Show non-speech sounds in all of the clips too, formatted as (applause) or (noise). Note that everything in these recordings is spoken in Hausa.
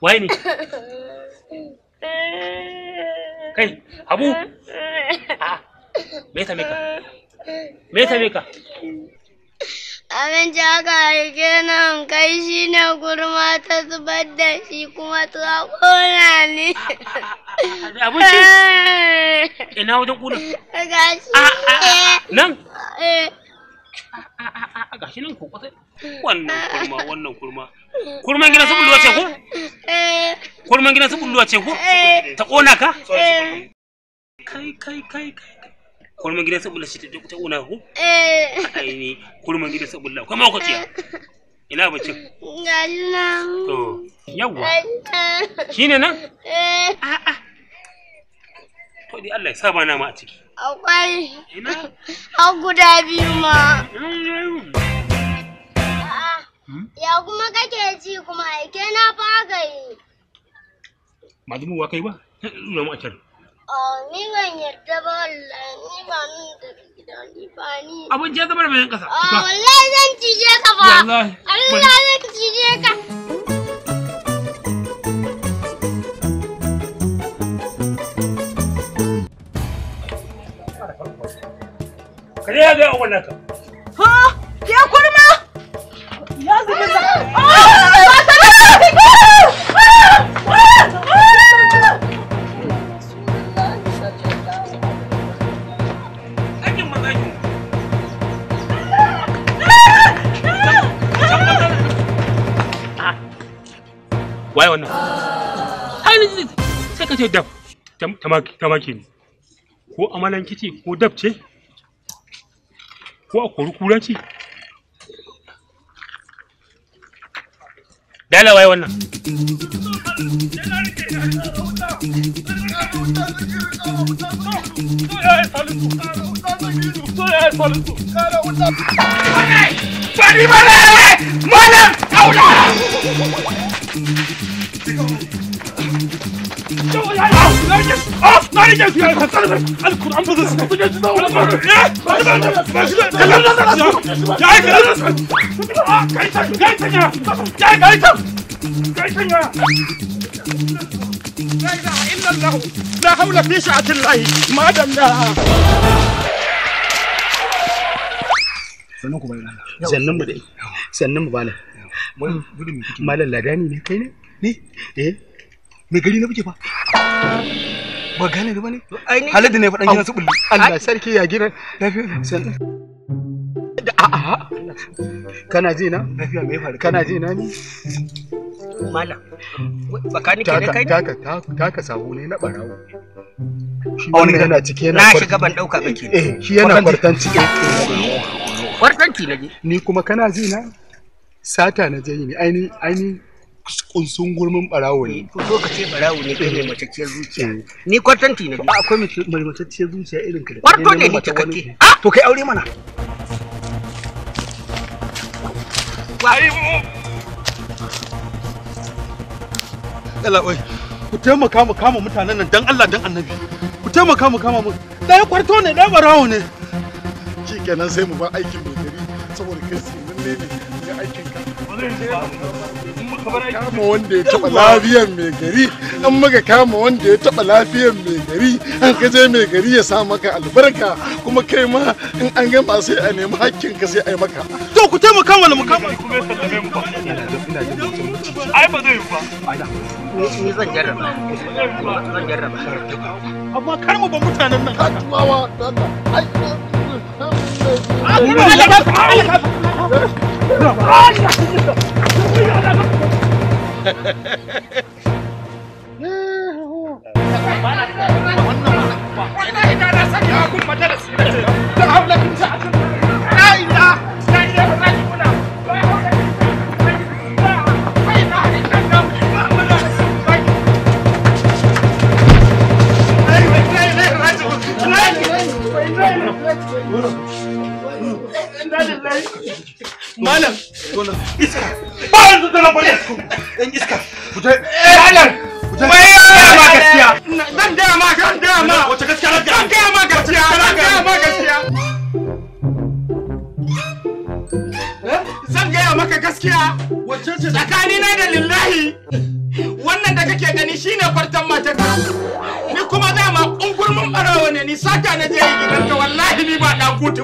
waye ne kai abu me same ka me same ka abinci aka harke nan kai shi ne gurma ta zubar da shi kuma ta kona ne abinci ina wajen kuna Ga shi nan eh. Ga shi nan ko kwata wannan kurma wannan kurma kurman gina sun bulwa ce ko kurman gidan su bulluwa ce ko eh. ta kona ka eh. kai kai kai kai kurman gidan su bulluwa ce ta kona ko eh. ai ni kurman gidan su bulluwa kuma ko ciya ina bacin gallan to yawa shine nan a a to dai Allah ya sa ba na ma a ciki akwai ina har guda biyu ma hmm? ya kuma kake ji kuma aike na fa ba wa kai ba sai mu a can ni ban yarda ba wallahi ni ba nan da gida ni ba ni abin je zama da bayan kasa wallahi zan cije ka ba wallahi Allah zan cije ka Kare ya ga wannan ka. Ha! Ke kurma! Ya zubi waye wannan har ni sai ka ce dab Tamaki, tamaki ne ko amalanki ce ko dab ce ko a kori kuranci dala wai wannan Of! ya. ya. لا اله الا الله لا حول في سعه الله ما sannan mu bala malam ladani ne kai ne ne eh me gari na buke fa ba gane ba ne halin da ne faɗan gidan su bulli Allah sarki ya gidan lafiya a'a kana ji na lafiya me faru kana ji na ni malam tsakanin ke kai taka taka sahu ne na barawo shi wani yana cike na shiga ban dauka kake eh shi yana kwartan cike kwartanci naje ni kuma kana ji na sata na je ni aini aini kunsun gurmin barawo ne. To ka ce barawo ne kai mai matacciyar zuciya. Eh. Ni kwatanti na biyu. Ah, akwai mai matacciyar zuciya irin ka da. Kwarto ne ni cikakke. Ah! To kai aure mana. Wai mu. Yalla oi. Ku taimaka mu kama mutanen nan dan Allah dan Annabi. Ku taimaka mu kama mu. Ɗaya kwarto ne ɗaya barawo ne. Shikenan sai mu ba aikin mai gari saboda kai sai mun ne ne aikin ka. Ba zai kama wanda ya taba lafiyar mai gari an kama wanda ya taba lafiyar mai gari an ka je mai gari ya sa maka albarka kuma kai ma in an gama sai a nemi hakkin ka sai a yi maka to ku taimaka mana mu kama ku sallame mu ba ai ba zai yi ba ni zan zan amma kar mu ba mutanen nan ai ah, Allah Allah Allah wannan wannan ba ina ga na sani a kun madarasi da aulakin sa a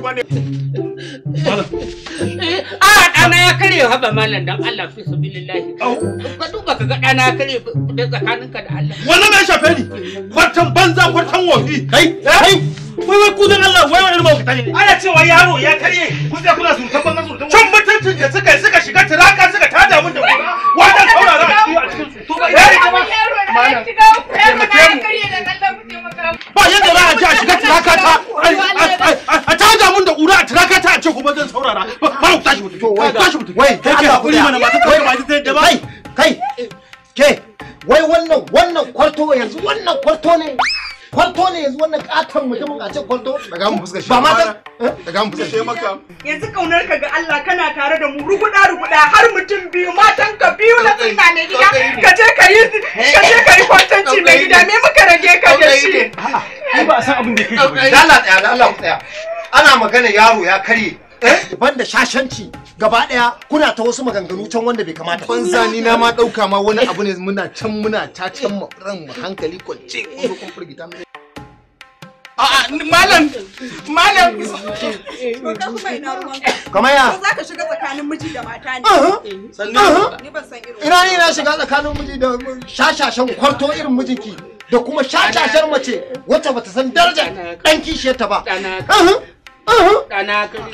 bane (laughs) a ah, ɗana ya karye haba malam dan Allah fi sabilillahi ka duba ka ga ɗana ya karye da tsakaninka da Allah wannan mai shafe ni kwartan banza kwartan wofi kai kai wai wai kudan Allah wai wai irin mawuta ne ana cewa yaro ya karye ku sai kuna surutan banza surutan can mutuncin da suka suka shiga tiraka suka tada mun da kuma wannan saurara a cikin su to ba yaro ba malam ba yanda za a ji a shiga tiraka ta wai tashi mutum wai kai ka kuri mana ba kai ba zai da ba kai ke wai wannan wannan kwarto yanzu wannan kwarto ne kwarto ne yanzu wannan katon mutumin a ce kwarto daga mu fuskar shi ba fuskar shi maka yanzu kaunar ka ga Allah kana tare da mu ruguda ruguda har mutum biyu matan ka biyu na tsina ne gida ka je ka yi ka je ka yi kwantanci mai gida me muka rage ka da shi ai ba san abin da kake Allah tsaya Allah tsaya ana magana yaro ya karye eh? ban da shashanci gaba daya kuna ta wasu maganganu can wanda bai kamata banza ni na ma dauka ma wani abu ne muna can muna ta can ran mu hankali kwance ko kun firgita mu A'a, malam, malam. Ka ina ya? Ko za ka shiga tsakanin miji da mata ne. Uh-huh. Sannan uh-huh. ni ban san irin. Ina ne na shiga tsakanin miji da shashashan kwarto irin mijinki da kuma shashashar mace wacce bata san darajar dan kishiyarta ba. Ɗana kare.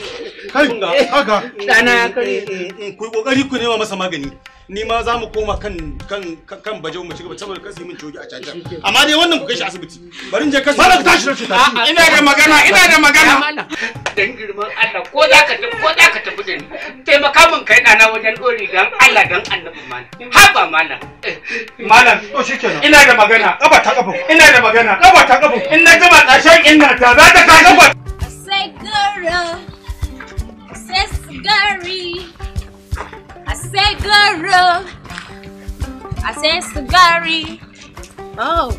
Kai, haka. Ɗana kare. Eh, eh, eh, ku kokari ku nema masa magani. Ni ma za mu koma kan kan kan baje mu ci gaba saboda kan sai mun coki a caca. Amma dai wannan ku kai shi asibiti. Bari je kasu. Malam tashi tashi tashi. Ina da magana, ina da magana. Dan girman Allah ko za ka tafi ko za ka tafi da ni. Taimaka min kai ɗana wajen ɗori dan Allah dan annabi mana. Haba mana. Malam, to shikenan. Ina da magana. Ƙafa ta ƙafa. Ina da magana. Ƙafa ta ƙafa. In na gama ƙarshen ina ta za ta ta ƙafa. girl, I say, Asesugari. Oh.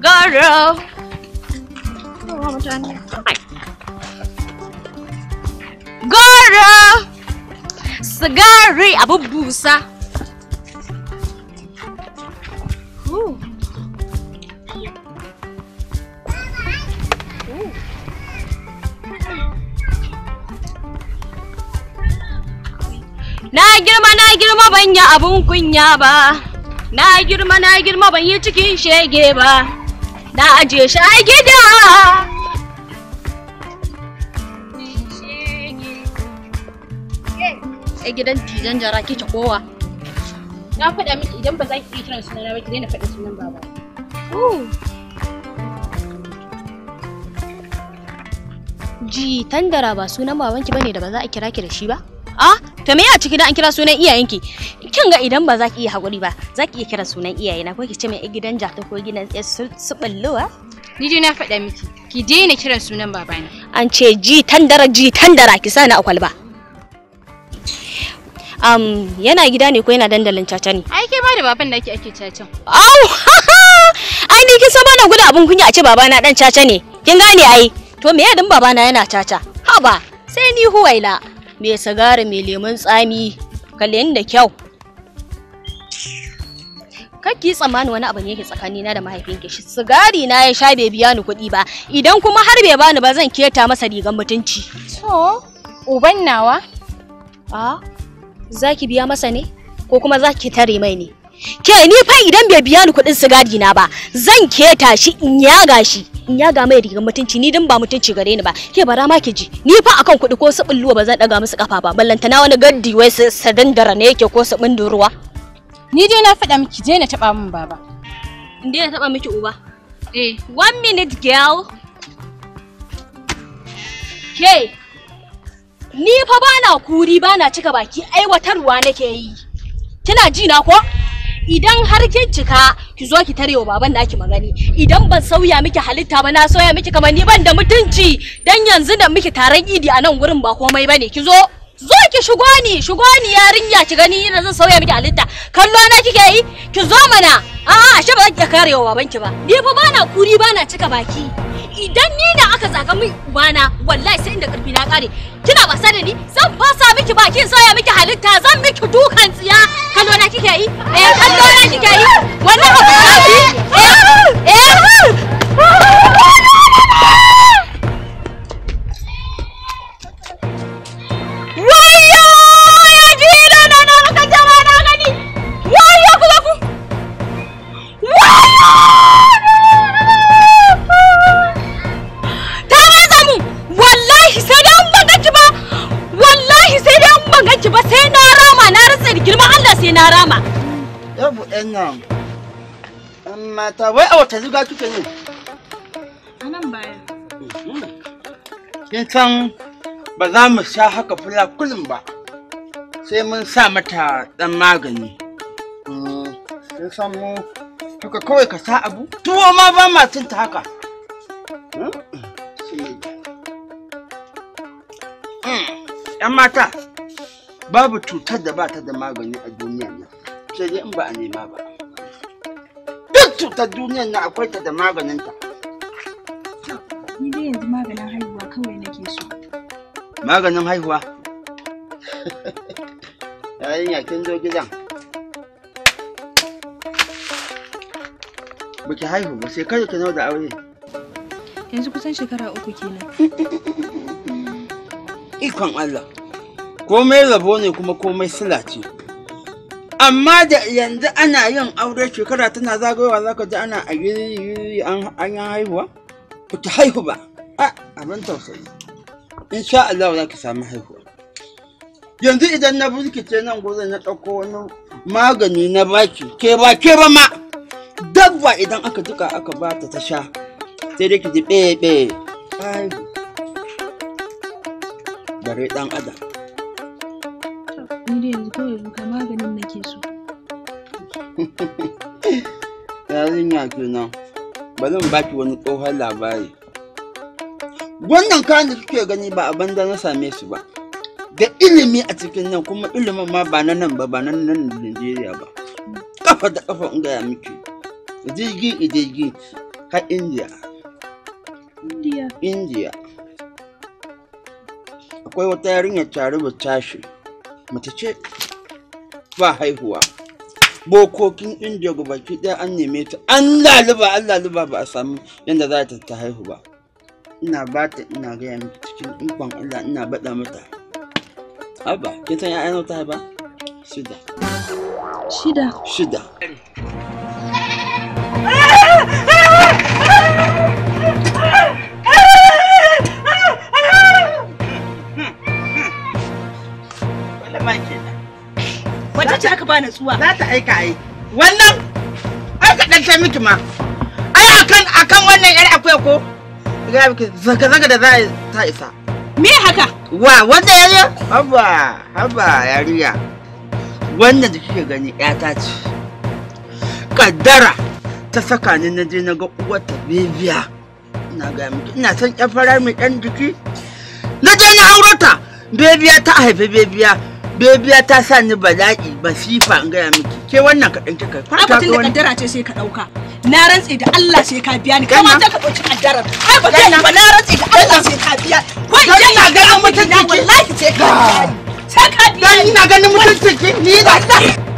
girl, Oh, one more time. Hi. Goro. Sagari. Abubusa. Ooh. na girma na girma ban yi abun kunya ba na girma na girma ban yi cikin shege ba na aje shi a gida a gidan tijan jara ke kowa na faɗa miki idan ba za ki iya kiran sunana ba ki daina faɗin sunan baba ji tandara ba sunan babanki bane da ba za a kira ki da shi ba ah to me ya ciki da an kira sunan iyayenki kin ga idan ba za ki iya haƙuri ba za ki iya kira sunan iyayena ko ki ce mai gidan jata ko gidan ballowa ni dai na faɗa miki ki daina kiran sunan ne. an ce ji tandara ji tandara ki sani a kwalba um, yana gida ne ko yana dandalin caca ne ai ke ba da baban da ake ake cacan au ai ni kin san na gudu abun kunya a ce babana dan caca ne kin gane ai to me ya babana yana caca haba sai ni huwaila mai sigari mai lemon tsami kalen da kyau kaki tsammani wani abu ne yake tsakanina da mahaifinki shi sigari na ya sha bai biya ni kuɗi ba idan kuma har bai bani ba zan keta masa rigan mutunci so uban nawa a zaki biya masa ne ko kuma zaki tare mai ne ke ni fa idan bai biya ni kuɗin sigari na ba zan keta shi in yaga shi in yaga mai rigar mutunci ni din ba mutunci gare ni ba ke bara ma ki ji ni fa akan kuɗi ko sabin luwa ba zan daga musu kafa ba ballantana wani gaddi wai sadan dara ne yake ko sabin ruwa ni dai na faɗa miki je na taɓa min baba in dai na taɓa miki uba eh one minute girl ke ni fa bana kuri bana cika baki aiwatarwa nake yi kina ji na ko idan har kin cika ki zo ki tarewa baban naki magani idan ban sauya miki halitta ba na sauya miki kamar ni ban da mutunci dan yanzu da miki taron idi a nan gurin ba komai bane ki zo zo ki shigo ni shigo ni yarinya ki gani ina zan sauya miki halitta kallo na kike yi ki zo mana a'a ashe ba zan karewa babanki ba ni fa bana kuri bana cika baki idan ni da aka zaga min ubana wallahi sai inda karfi na kare kina wasa da ni zan fasa miki bakin soya miki halitta zan miki dukan tsiya kallo na kike yi eh kallo na kike yi wannan abu eh eh sai na rama. Yabu ɗan wai a wata kike ne? baya. Kin san ba za mu sha haka fula kullum ba. Sai mun sa mata ɗan magani. Hmm, kin san mu haka kawai ka sa abu? Tuwo ma ba ma cinta haka. ‘Yan hmm, hmm, mata. babu cutar da ba ta da magani a duniya nan sai dai in ba a nema ba duk cutar duniyar nan akwai ta da maganin ta. ni dai yanzu maganin haihuwa kawai nake so maganin haihuwa yayin kin zo gidan baki haihu ba sai kada ta nau da aure yanzu kusan shekara uku kenan ikon Allah komai rabo ne kuma komai sila ce amma da yanzu ana yin aure shekara tana zagayowa za ka ji ana a yiri an yi haihuwa ku ta haihu ba a abin tausayi insha Allah za ka samu haihuwa yanzu idan na burkice nan gurin na ɗauko wani magani na baki ke ba ke ba ma dabba idan aka duka aka ba ta ta sha sai dai ki ji ɓe bare ɗan adam ni yanzu kawai ruka maganin nake so (laughs) yarinya kenan zan ba baki wani tsohon labari wannan kayan da kuke gani ba a banza na same su ba da ilimi a cikin nan kuma ilimin ma ba na nan ba ba na nan Najeriya ba kafa da kafa in gaya miki jirgi jirgi ha India India India akwai wata yarinya tare ba tashi mace ce ba haihuwa bokokin indiya ga baki ɗaya an neme ta an laluba an laluba ba a samu yadda za ta ta haihu ba ina ba ta ina gaya miki cikin ikon allah ina baɗa mata haba kin san ya'ya ta haiba shida shida shida ce aka ba natsuwa za ta aika ai wannan an ka dan miki ma ai akan akan wannan yar akwai ko ga miki zaga zaga da za ta isa me haka wa wanda yariya haba haba yariya wannan da kike gani yata ce kaddara ta saka ni na je na ga uwarta bibiya ina ga miki ina son yar farar mai dan jiki na je na aurata bebiya ta haifi bebiya bebiya ta sa ni bala'i sifa in gaya miki ke wannan kaɗan ta kai ka tun da kaddara ce sai ka ɗauka na rantse da Allah sai ka biya ni kama ta ka ɗauki kaddarar ai ba kai ba na rantse da Allah sai ka biya wai je na ga mutunci wallahi sai ka biya sai ka biya ni na ganin mutunci ni da Allah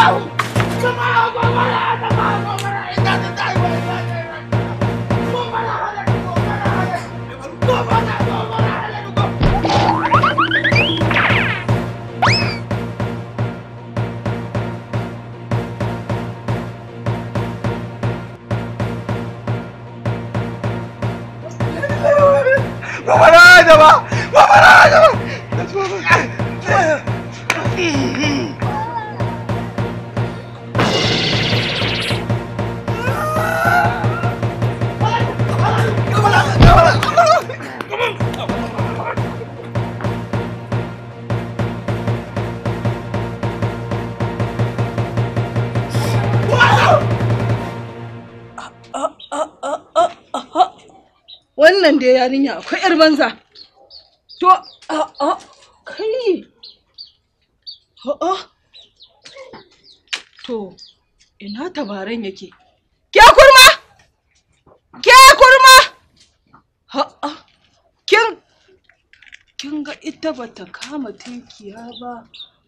go! ke yarinya akwai yar banza to a a kai a a to ina tabaran yake ke kurma ke kurma a a kin kin ga ita bata kama tinkiya ba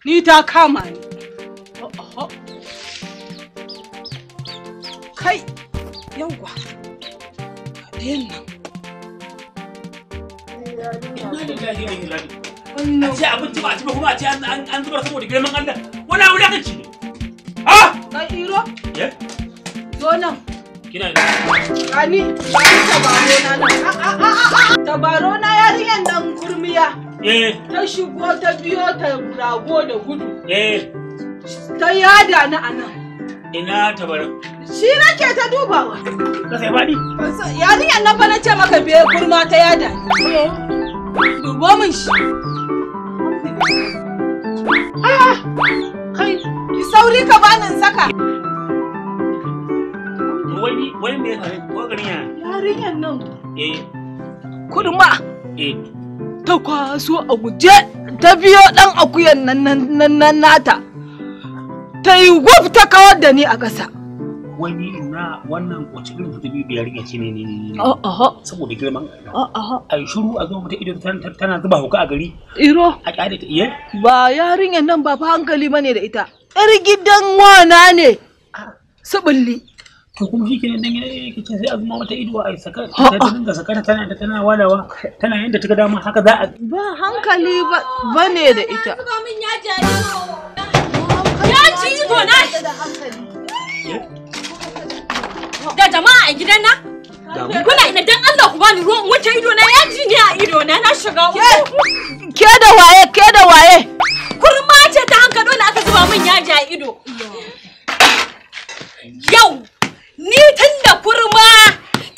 ni ta kama ni a a kai yauwa ka A ce abinci ba a ci ba kuma a ce an zubar saboda girman Allah. Wala wulakanci ne. Ah! Ka iro? Ye? Zo nan. Kina ina. Ani, ba ni tabaro na nan. Tabaro na yarinyar nan kurmiya. Eh. Ta shigo ta biyo ta rago da gudu. Eh. Ta yada na nan. Ina tabarin. Shi na ke ta dubawa. Ka sai faɗi? Yarinyar nan fa na ce maka biyar kurma ta yada. Vamos! sauri ka bani in saka. Wani wani Yarinyan nan. Eh. ma. Eh. Ta kwaso a guje ta biyo ɗan akuyan nan nan nata. Ta yi wuf ta kawar da ni a ƙasa. wani na wannan wacce irin fita biyu yarinya ce ne ne ne oh, oh, oh. saboda girman a yi shuru a zo mata idan tana zuba hauka a gari iro a kyale ta iya eh? ba yarinyar nan ba hankali hankali ne da ita yar gidan wana ne ah. subulli to kuma shi kenan dan kicin sai a zuma mata ido a saka ta dinga sakata tana da tana walawa tana yanda ta ga dama haka za a ba hankali ba bane da ita ya ci ido na eh? da jama'a a gidan nan kuna ina dan Allah ku bani ruwan wuce ido na ji ne a ido na na shiga ke da waye ke da waye kurma ce ta hanka dole aka zuba min yaji a ido yau ni tun da kurma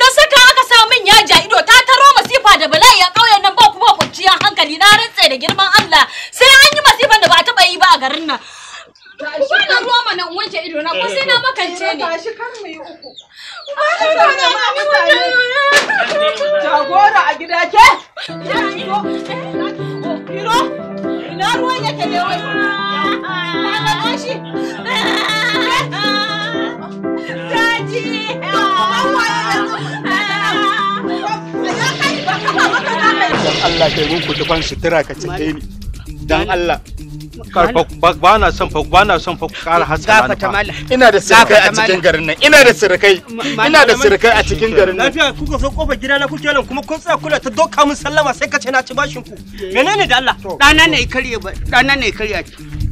ta saka aka sa min yaji a ido ta taro masifa da bala'i a ƙauyen nan ba kuma kwanciyar hankali na rantse da girman Allah sai an yi masifan da ba a taɓa yi ba a garin nan Ku ba na ruwa mana in wanke ido na ko sai na makance ne. Tashi kar mu uku. Ba na ruwa na mutane. Jagora a gida ke. Iro, ina ruwan yake ne wai. Na ga kashi. Daji. Allah ke mun kutufan sutura ka cike ni. Dan Allah. ba na son fa ba na son fa kara haska na ina da sirkai a cikin garin nan ina da sirkai ina da sirkai a cikin garin nan lafiya kuka so kofar gida na kuke nan kuma kun tsaya kula ta doka mun sallama sai ka ce na ci bashin ku menene da Allah dana ne kare ba dana ne kare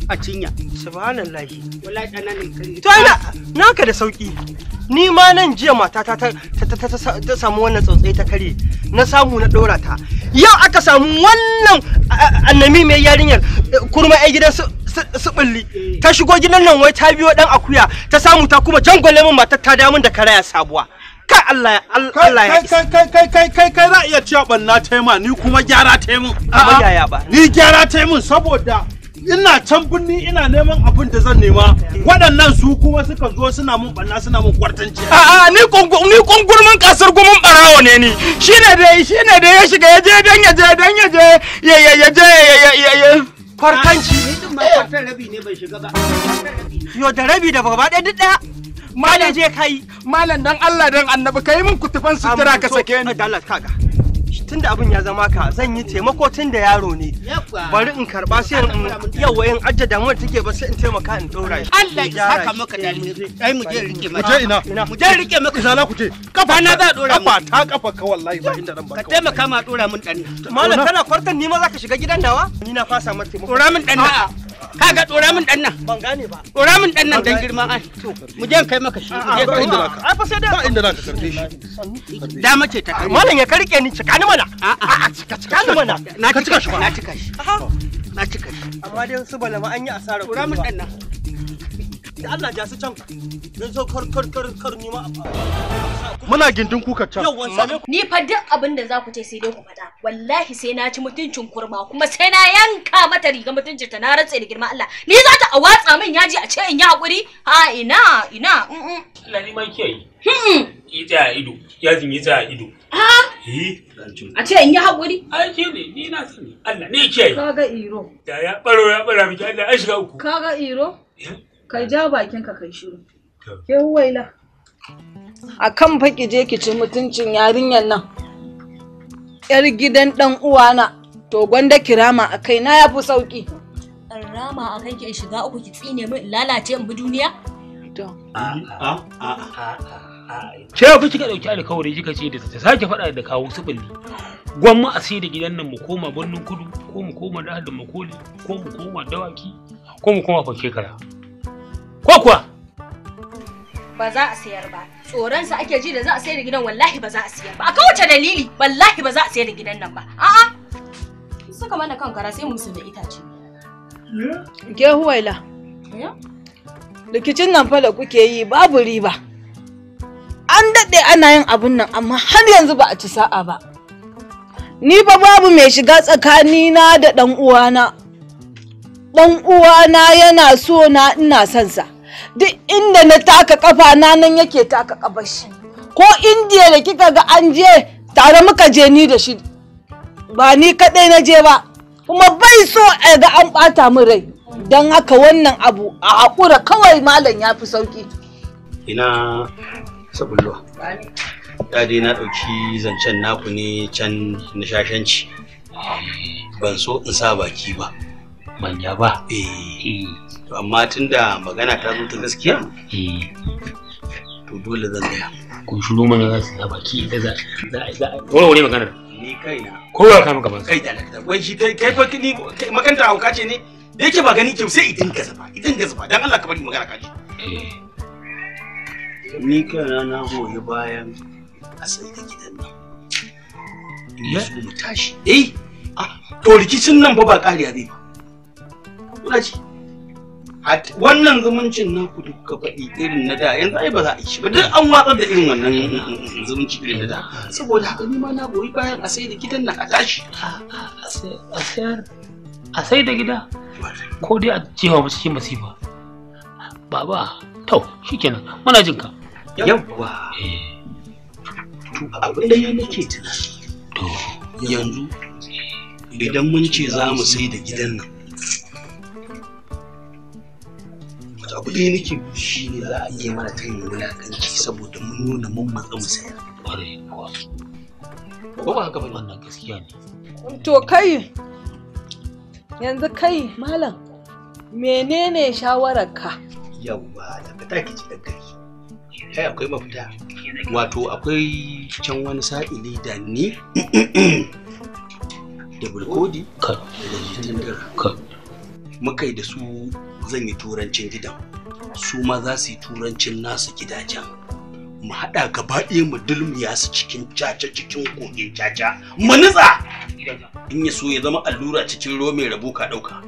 a cinya subhanallahi wallahi dana ne kare to ina naka da sauki ni ma nan jiya matata ta samu wannan tsotsai ta kare na samu na dora ta yau aka samu wannan annami mai yarinyar eh, kurma ai gidan su bulli ta shigo gidan nan wai ta biyo dan akuya ta samu ta kuma jangwale min matar ta damun da karaya sabuwa kai Allah Allah ya kai kai kai kai kai kai za iya cewa banna ta ni kuma gyara ta yi min ba ni gyara ta yi saboda ina can birni ina neman abin da zan nema waɗannan su kuma suka zo suna mun banna suna mun kwartanci a'a ni ni mun kasar gumin barawo ne ni shine da shine da ya shiga yaje dan yaje dan yaje ya ya ya je ya ya kwartanci yo da rabi da gaba ɗaya duk ɗaya malam je kai malam dan Allah dan annabi kai min kutufan sutura ka sake ni tun da abin ya zama ka zan yi taimako tun da yaro ne bari in karba sai in yau wayan ajja damuwar take ba sai in taimaka in dora shi Allah ya saka maka da ai mu je rike maka je ina mu je rike maka sala ku ce kafa na za dora kafa ta kafa ka wallahi ba inda ran ba ka taimaka ma dora mun dan mallam kana kwartan ni ma zaka shiga gidan nawa ni na fasa mata taimako dora mun dan ka ga dora min dan nan ban gane ba dora min dan nan dan girma ai mu je kai maka shi mu je kai ai fa sai da inda zaka karbe shi da ce ta kai mallam ya karke ni cika ni mana mana cika cika ni mana na cika shi na cika shi na cika shi amma dai su balama an yi asara kura mun dan nan da Allah ja su can don kar kar kar kar ni ma muna gindin kuka can ni fa duk abin da za ku ce sai dai ku faɗa wallahi sai na ci mutuncin kurma kuma sai na yanka mata riga mutuncin ta na rantse da girma Allah ni za ta awatsa min yaji a ce in yi hakuri ha ina ina Allah ni ma kiyaye yi ja ido yajin yi ja ido eh? a ce in yi haƙuri? aiki ne, ni na sani. Allah ne ke yi. Kaga iro. Da ya ɓaro ya ɓara miki Allah ya shiga uku. Kaga iro? Eh? Kai ja bakinka kai shiru. Ke huwaila. A kan faƙi je ki ci mutuncin yarinyar nan. Yar gidan ɗan uwana to gwanda kirama a kai na yafi sauki. Rama a kai ki shiga uku ki tsine min lalace in bi duniya? To. A'a a'a. ce fi kika dauki alkawari kika ce da ta sake faɗa da kawo sufuri gwamma a sai da gidan nan mu koma birnin kudu ko mu koma da makoli, ko mu koma dawaki ko mu koma fakekara ko kuwa ba za a sayar ba tsoronsa ake ji da za a sayar da gidan wallahi ba za a sayar ba a kawace dalili wallahi ba za a sayar da gidan nan ba a'a suka mana kan kara sai musu da itace ke huwaila rikicin nan fa da kuke yi babu riba an daɗe ana yin abun nan amma har yanzu ba a ci sa'a ba ni fa babu mai shiga tsakanina da ɗan uwana ɗan uwana yana so na ina son sa duk inda na taka kafa na nan yake taka kafar shi ko indiya da kika ga an je tare muka je ni da shi ba ni kadai na je ba kuma bai so a ga an bata min rai don haka wannan abu a haƙura kawai malam ya fi sauki ina sabullo dai na ɗauki zancen naku ne can nishashanci ban so in sa baki ba manya ba eh hmm. to amma tunda magana ta zo ta gaskiya hmm. to dole zan gaya kun shiru mana za su ki da za za wani magana ni kaina kowa ka maka ban kai da wai shi kai kai fa kini makanta hauka ce ne da yake ba gani kyau sai idan ka zaba idan ka zaba dan Allah ka bari magana ka ji eh. ni kaina na goyi bayan a sai da gidan nan ya mu tashi eh ah to rikicin nan ba ba kariya zai ba matsala ce wannan zumuncin na ku duka faɗi irin na da yanzu ai ba za a yi shi ba duk an watsar da irin wannan mm, zumunci irin na da saboda haka ni ma na goyi bayan a sai da gidan nan a tashi a a sai da gida ko dai a jewa ba cikin masifa baba to shikenan muna jin ka yawwa eh. to abin da nake tunani to yanzu idan mun ce za mu sai da gidan nan to abu ɗaya nake shi ne za a iya mana ta yin wulaƙanci saboda mun nuna mun matsa mu sayar ƙwarai kuwa ko ba haka ba wannan gaskiya ne to kai yanzu kai malam menene shawararka yawwa da fita ki ci dankali kai akwai mafita wato akwai can wani sa'ili da ni (clears throat) da bulkodi da jitindar muka yi da su zan yi turancin gidan su ma za su yi turancin nasu gidajen mu haɗa gaba ɗaya mu dulmiya su cikin caca cikin kogin caca mu nutsa in ya so ya zama allura cikin ruwa mai rabu ka ɗauka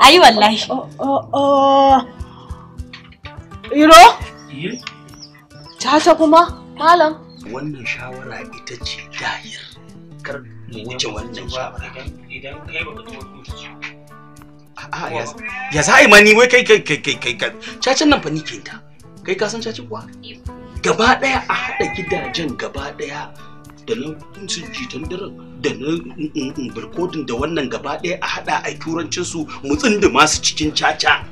ayi (laughs) wallahi iro caca kuma malam wannan shawara ita ce dahir kar mu wuce wannan shawara idan kai baka tuwo ya za a wai kai kai kai kai kai cacin nan fa ni ke ta kai kasan cacin kuwa gaba daya a haɗa gidajen gaba daya da na jitan daren da na birkodin mm, mm, mm, da wannan gaba daya a haɗa a turancin su mutsin da masu cikin caca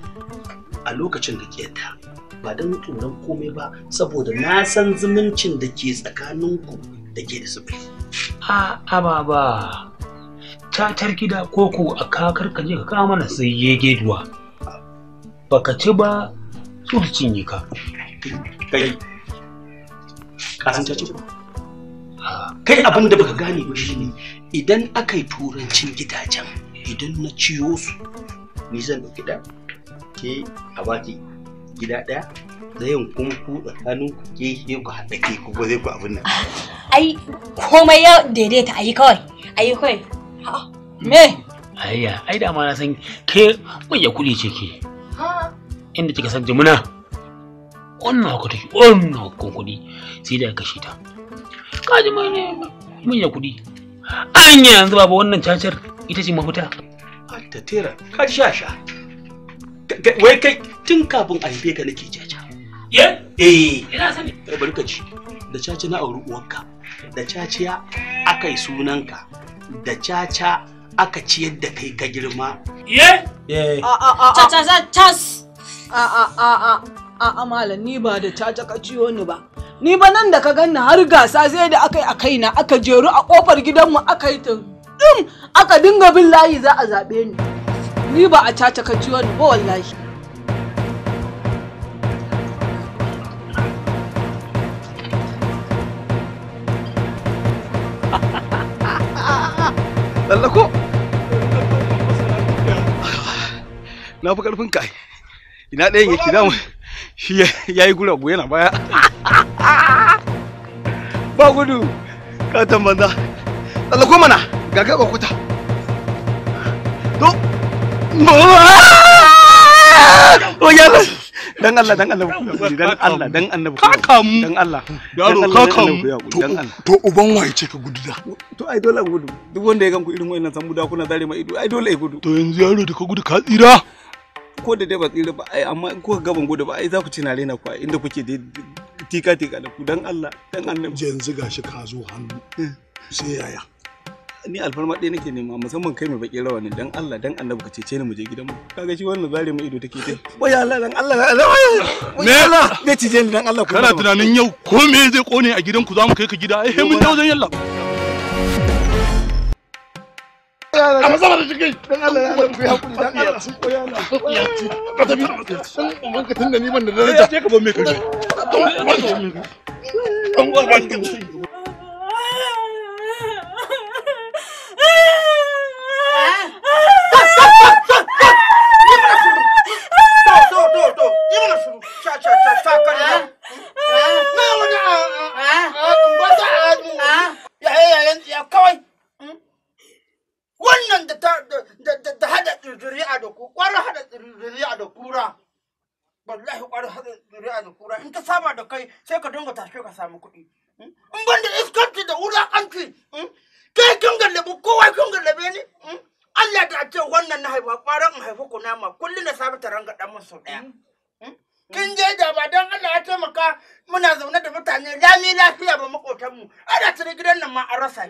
a lokacin da ke ta ba don tsoron komai ba saboda na san zumuncin da ke tsakaninku da ke da sufuri a aba ba cacar gida koko a kakar ka je ka kama na sai ya geduwa baka ci ba su yi cinye ka kai kasan ta ci kai abin da baka gane ba shine idan aka yi turancin gidajen idan na ciyo su ni zan ɗauki gida ke a baki gida ɗaya yin kun ku tsakaninku ke ku haɗa ke ku ba zai ku abin nan (laughs) ai komai ya daidaita ayi kawai ayi kawai me ayya ai da ma na san ke ya kuɗi ce ke inda kika san jimuna wannan ku take wannan ku kuɗi sai da kashe ta ka ji mai ne ya kuɗi An yanzu babu wannan cacar ita ce mafita ta tera ka sha sha wai kai tun kafin a haife ka nake caca eh eh ina sani bari ka ci da caci na auri uwanka da caciya aka yi sunanka da caca aka ciyar da kai ka girma ye a'a. za tas a a a a a malam ni ba da caca ka ciyo ni ba ni ba nan da ka ganni har gasa sai da aka yi a kaina aka jeru a kofar gidanmu aka yi tun aka dinga bin layi za a zaɓe ni ni ba a caca ka ciyo ni ba wallahi tsallako na fi karfin kai ina ɗayan yake shi ya yi yana baya (laughs) ba gudu katon mana gaga kwakwata Oh, yeah, dan Allah dan Allah dan Allah dan annabi mu dan Allah yaro mu to uban waye ce ka gudu da to ai dole gudu duk wanda ya ganku irin wayannan san da kuna zare mai ido ai dole ai gudu to yanzu yaro da ka gudu ka tsira ko da dai ba tsira ba ai amma ko ka ban gudu ba ai za ku ci na rena ku inda kuke dai tika tika da ku dan Allah dan annabi yanzu gashi ka zo hannu eh. sai yaya ni alfarma ɗaya nake nema musamman kai mai rawa rawani dan Allah dan annabi ka cece ni mu je gidan mu kaga shi wannan zare mu ido take ta wai Allah dan Allah me Allah zai cece ni dan Allah kana tunanin yau ko me zai kone a gidan ku za mu kai ka gida eh mun dawo zan yalla a dan Allah Allah da kai sai ka dinga tashe ka samu kuɗi. In ban da iskanci da kai kin gallabi kowa kin gallabe ni hmm? Allah da ce wannan na haifa kwaran in haifa kunama kullum da sabi taron ga dan sau daya hmm. hmm? kin je da ba Allah ya taimaka muna zaune da mutane lami lafiya ba makotan mu ana cire gidan nan ma an rasa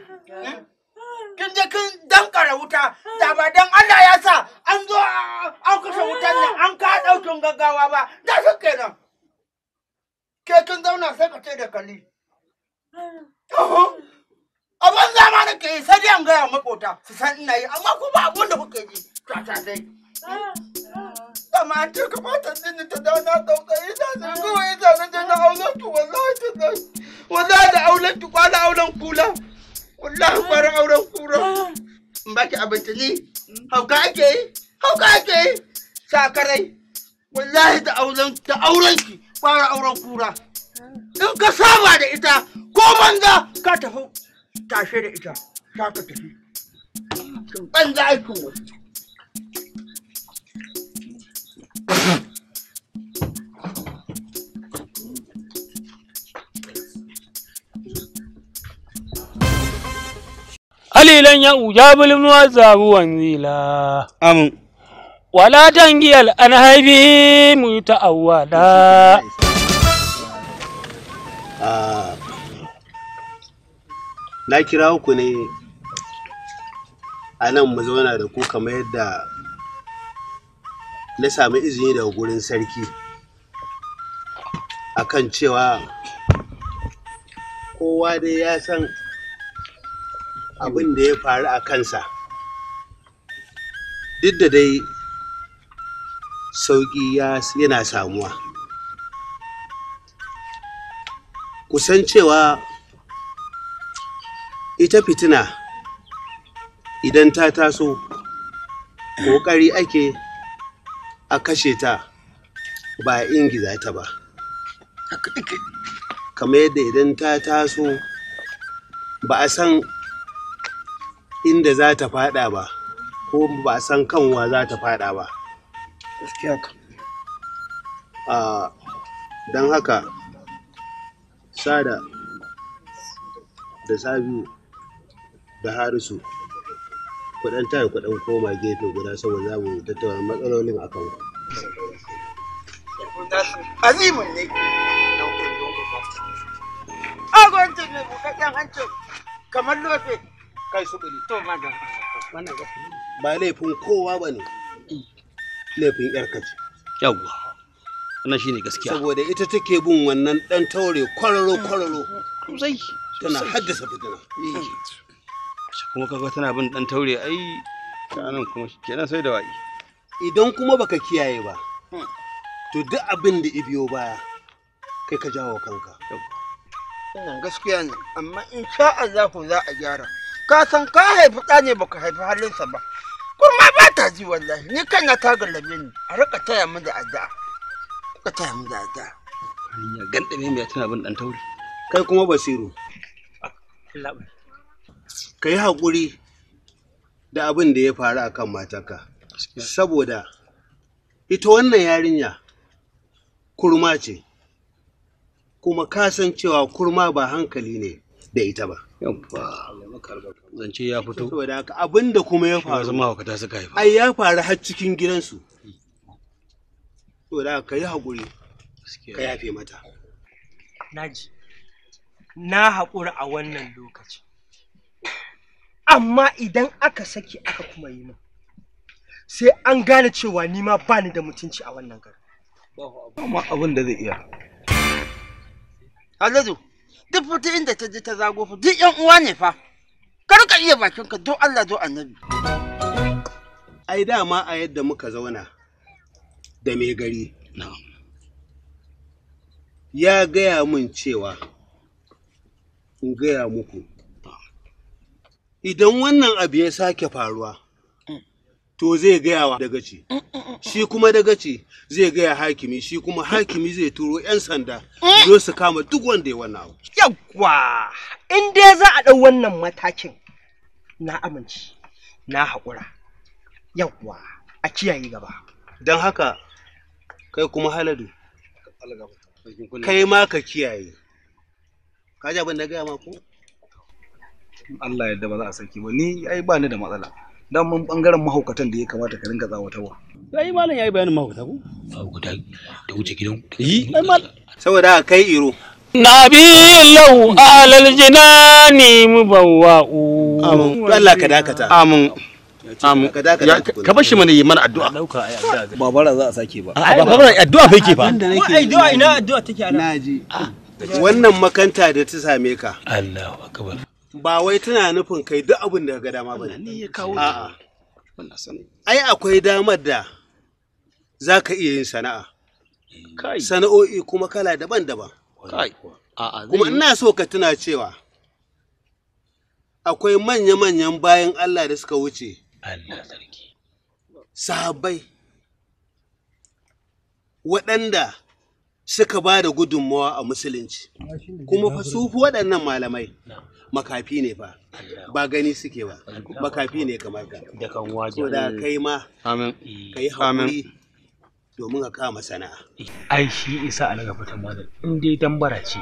kin je kin dankara wuta da ba Allah ya sa an zo an kashe wutan nan an ka daukin gaggawa ba da shi kenan ke kin zauna sai ka ce da kali abin zama na ke sai dai an gaya makota su san ina yi amma kuma abin da kuke yi tata dai kama an ce kamar ta tsini ta dauna dauka ita na zuwa ita na je na aulen tu wallahi ta zai wallahi da aulen tu kwana aulen kula wallahi bara auren kura in baki abinci ni hauka ake yi hauka ake yi sakarai wallahi da auren da auren ki fara auren kura in ka saba da ita ko banza ka tafi tashe da ita ta ka tafi kin banza aikin wasu Alilan ya ujabul muwazzabuwan zila. Amin. Wala tangiyal an haifi mu ta'awwada. Ah. na kira ku ne a nan mu zauna da ku kamar yadda na sami izini daga gurin sarki akan cewa kowa dai ya san abin da ya faru a kansa duk da dai sauƙi yana samuwa kusan cewa ita fitina idan ta taso ƙoƙari ake a kashe ta ba a ingiza ta ba kamar yadda idan ta taso ba a san inda za ta fada ba ko ba a san kanwa za ta fada ba don haka sada da sabiu da harisu ku dan taya ku koma gefe guda saboda za mu tattauna matsalolin a kanku azimin ne agon ce ne bukakken hancin kamar lofe kai su buli to ma ba laifin kowa ba ne laifin yarka ce yawwa wannan shine gaskiya saboda ita take bin wannan dan taure kwararo kwararo tana haddasa fitina eh. kuma kaga tana bin dan taure ai kanan kuma kenan sai da wa'i idan kuma baka kiyaye ba hmm. to duk abin da ibiyo baya kai ka jawo kanka wannan gaskiya ne amma in sha Allah za a gyara ka san ka haifi ɗa ne baka haifi halinsa ba kuma ba ta ji wallahi ni na ta labe ni a rika taya mu da adda ka taya mu da adda ya ganda me mai tana bin dan taure kai kuma basiru ah, Allah ka yi haƙuri da abin da ya faru a kan matarka saboda ita wannan yarinya kurma ce kuma ka san cewa kurma ba hankali ne da ita ba zance ya fito abin da kuma ya faru ai ya faru har cikin gidansu saboda ka yi haƙuri ka yafe mata naji na haƙura a wannan lokaci amma idan aka saki aka kuma yi min sai an gane cewa ni ma bani da mutunci a wannan garin amma abin da zai iya Haladu duk fita inda ta je ta zago fa duk yan uwa ne fa kar ka iya bakinka don Allah don annabi ai dama a yadda muka zauna da mai gari ya gaya min cewa in gaya muku idan wannan abu ya sake faruwa mm. to zai gaya wa dagaci mm, mm, shi kuma dagaci zai gaya hakimi shi kuma hakimi zai turo 'yan sanda zo su kama duk wanda ya wannan abu yawwa in dai za a ɗau wannan matakin na amince na haƙura yawwa a kiyaye gaba don haka kai kuma haladu kai ma ka kiyaye ka ji abin da gaya ma ko in Allah ya ba za a saki ba ni ai ba ni da matsala dan mun bangaren mahaukatan da ya kamata ka ringa tsawatarwa ai malam yayi bayanin mahaukata ko mahaukata da wuce gidan yi ai mal saboda kai iro nabilau alal jinani mubawwa'u amin Allah ka dakata amin ka bar shi mana yi mana addu'a ba bara za a sake ba ba bara addu'a fa yake fa addu'a ina addu'a take ana naji wannan makanta da ta same ka Allahu akbar ba wai tana nufin kai duk abin da ga dama ba ne a'a ai akwai damar da za ka iya yin sana'a sana'o'i kuma kala daban-daban kuma ina so ka tuna cewa akwai manya-manyan bayan Allah da suka wuce sahabbai waɗanda suka ba da gudunmawa a musulunci kuma fa waɗannan malamai makafi ne fa ba gani suke ba makafi ne kamar ka da kan waje da kai ma amin kai hakuri domin ka kama sana'a ai shi isa alaga fata madal in dai tambara ce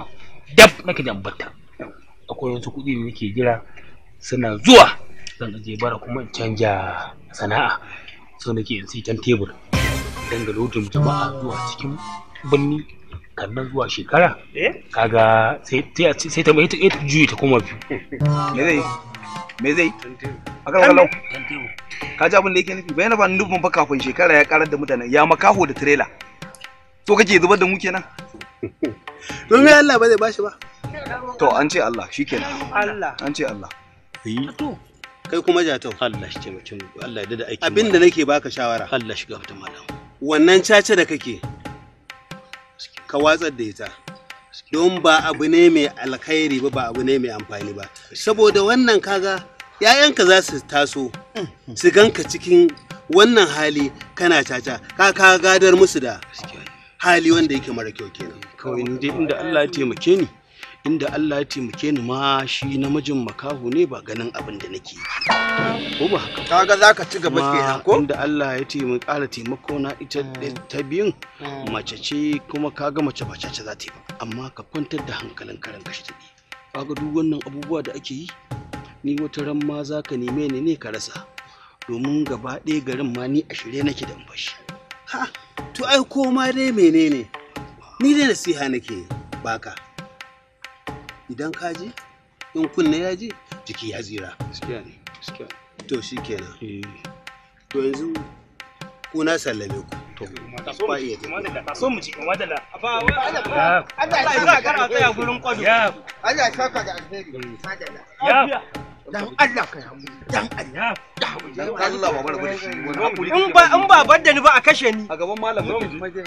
dab nake dambata akwai wasu kuɗi da nake jira suna zuwa zan aje bara kuma in canja sana'a so nake in sai tebur dangalo jama'a zuwa cikin birni kannan zuwa shekara eh? kaga sai ta mai ta juyi ta koma biyu (laughs) me zai me zai akan kallon ka ji abin da yake nufi bayan abin nufin baka kafin shekara ya karar da mutane ya makaho da trailer to kake zubar da mu kenan domin (laughs) Allah ba zai bashi ba to an ce Allah shikenan Allah an ce Allah kai kuma jatau Allah shi taimake mu Allah da da aiki abinda nake baka shawara Allah shiga gafarta malam wannan caca da kake ka watsar da ita don ba abu ne mai alkhairi ba ba abu ne mai amfani ba saboda wannan kaga ‘ya'yanka za su taso su ganka cikin wannan hali kana caca ka ka gadar musu da hali wanda yake mara kyau kenan kawai inda Allah ya taimake ni inda Allah ya taimake ni ma shi namijin makaho ne ba ganin abin da nake yi ko ba haka kaga zaka ci gaba kenan ko inda Allah ya taimake ƙara taimako na ita mm. ta biyun mm. mace ce kuma kaga mace ba ce za ta yi ba amma ka kwantar da hankalin karan kashi ta kaga duk wannan abubuwa da ake yi ni wata ran ma za ka neme ni ne ka rasa domin gaba ɗaya garin ma ni a shirye nake da bashi. Ha, to ai ma dai menene? Ni dai nasiha nake baka. idan ka ji in kunne ya ji jiki ya tsira to shi kenan eh. to yanzu sallame ku to ba iya ta so mu ci kuma da ba ba gurin kwado ya da alheri mm. ya dan Allah ka dan Allah dan Allah ba bar in ba in ba ni ba a kashe ni a gaban malamin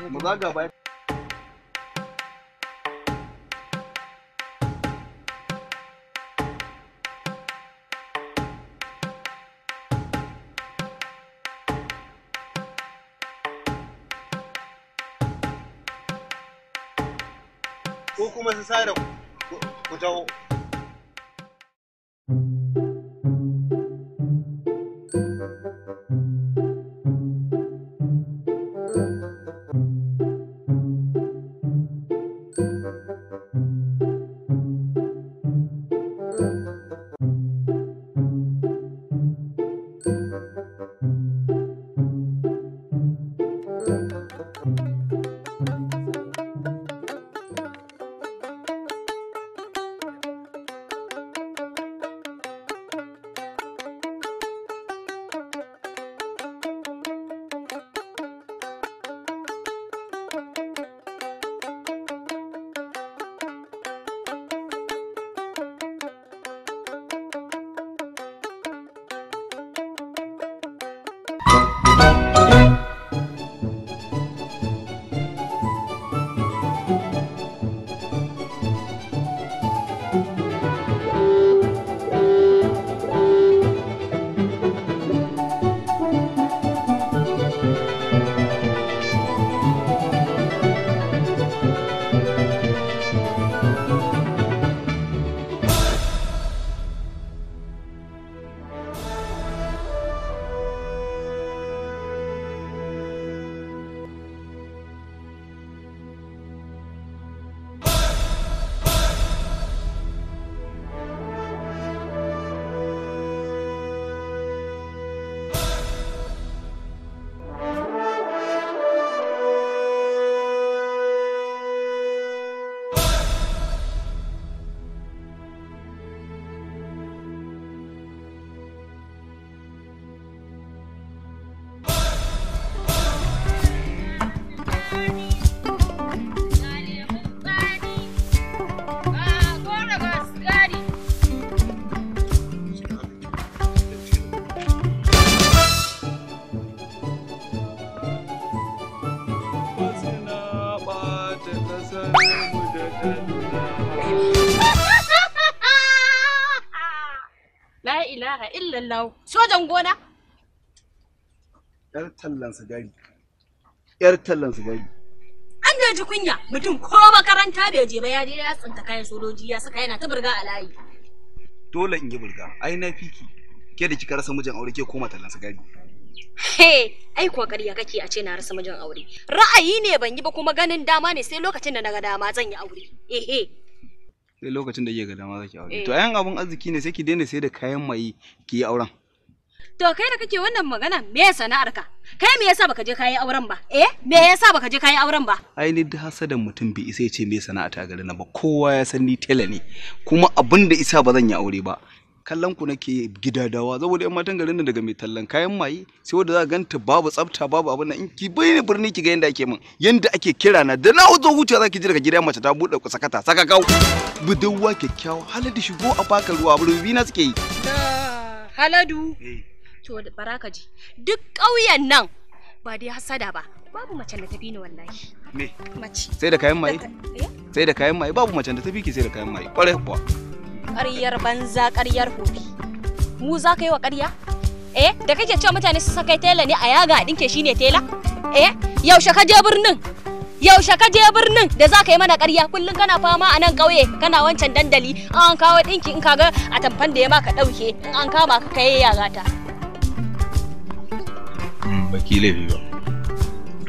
mu zaga ba 携えるお茶を。thank you yar tallan sigari yar tallan sigari an da ji kunya mutum ko makaranta bai je ba ya je ya tsinta kayan sojoji ya saka yana ta burga a layi dole in yi burga ai na fiki ke da kika rasa mijin aure ke koma tallan sigari He, ai kuwa ƙarya kake a ce na rasa mijin aure. Ra'ayi ne ban yi ba kuma ganin dama ne sai lokacin da na ga dama zan yi aure. Ehe. Sai lokacin da ke ga dama zaki aure. To eh. ayan abun arziki ne sai ki daina sai da kayan maye ki yi auren. To kai da kake wannan magana me ka Kai me yasa baka je kayi auren ba? Eh, me yasa baka je kayi auren ba? Ai ni duk hasadan mutum bai isa ya ce me sana'a ta gari na ba. Kowa ya san ni tela ne. Kuma abin da isa ba zan yi aure ba. Kallon ku nake gidadawa saboda yan matan garin nan daga mai tallan kayan maye sai wanda za ganta babu tsafta babu abin nan in ki bai birni ki ga yanda ake min yanda ake kira na da na zo huce za ki ji daga gida mace ta bude ku sakata saka kau budurwa kyakkyawa haladu shigo a baka ruwa rubi na suke yi haladu eh. to bara ka ji duk ƙauyen nan ba dai hasada ba babu macen da ta bi ni wallahi me mace sai da kayan maye eh? sai da kayan maye babu macen da ta bi ki sai da kayan maye kwarai kuwa ƙaryar banza ƙaryar hobi mu za ka yi wa ƙarya eh da kake cewa mutane su sakai tela ne a yaga a dinke shine tela eh yaushe ka je birnin yaushe ka je birnin da za ka yi mana ƙarya kullum kana fama a nan ƙauye kana wancan dandali an kawo ɗinki in kaga a tamfan da ya maka ɗauke in an kama ka kai yaga ta kan mm, ki laifi ba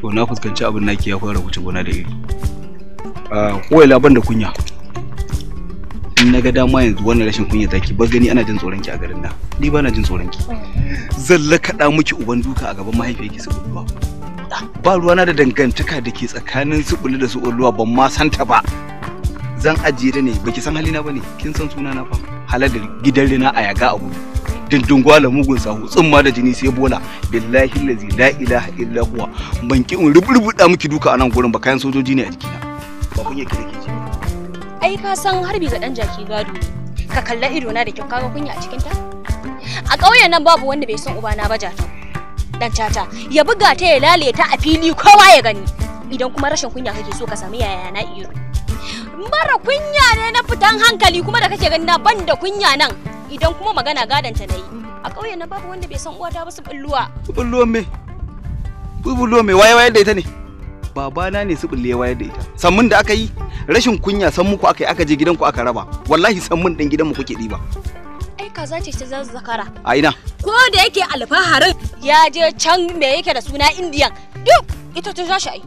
to na fuskanci abin naki ya fara wuce gona da iri a koyi laban da kunya in na ga dama yanzu wannan rashin kunya taki ba gani ana jin tsoron ki a garin na ni ba na jin tsoron ki zalla kaɗa miki uban duka a gaban ki su budurwa ba ruwana da dangantaka da ke tsakanin su da su ulluwa ban ma santa ba zan ajiye ta ne baki san halina ba ne kin san sunana fa halar da gidan rina a yaga a gudu dindingwala mugun sahu tsumma da jini sai bola billahi lazi la ilaha illa huwa ban ki in rubuta miki duka anan nan gurin ba kayan sojoji ne a jikina ba kun yake kike ji ai ka san harbi ga dan jaki gado ka kalla ido na da kyau kaga kunya a cikin ta a ƙauyen nan babu wanda bai san ubana ba jata dan tata ya buga ta ya lale ta a fili kowa ya gani idan kuma rashin kunya kake so ka sami yaya na iro mara kunya ne na fitan hankali kuma da kake gani na ban da kunya nan idan kuma magana gadanta na yi a ƙauyen na babu wanda bai san uwata ba su bulluwa bulluwan me bulluwan me waye waye da ita ne babana ne su bulle waye da ita San mun da aka yi rashin kunya san muku aka yi aka je gidanku aka raba wallahi sammun gidan gidanmu kuke diba ai kaza ce ta zakara a ina ko da yake alfaharin ya je can me yake da suna indiyan duk ita ta tashi ai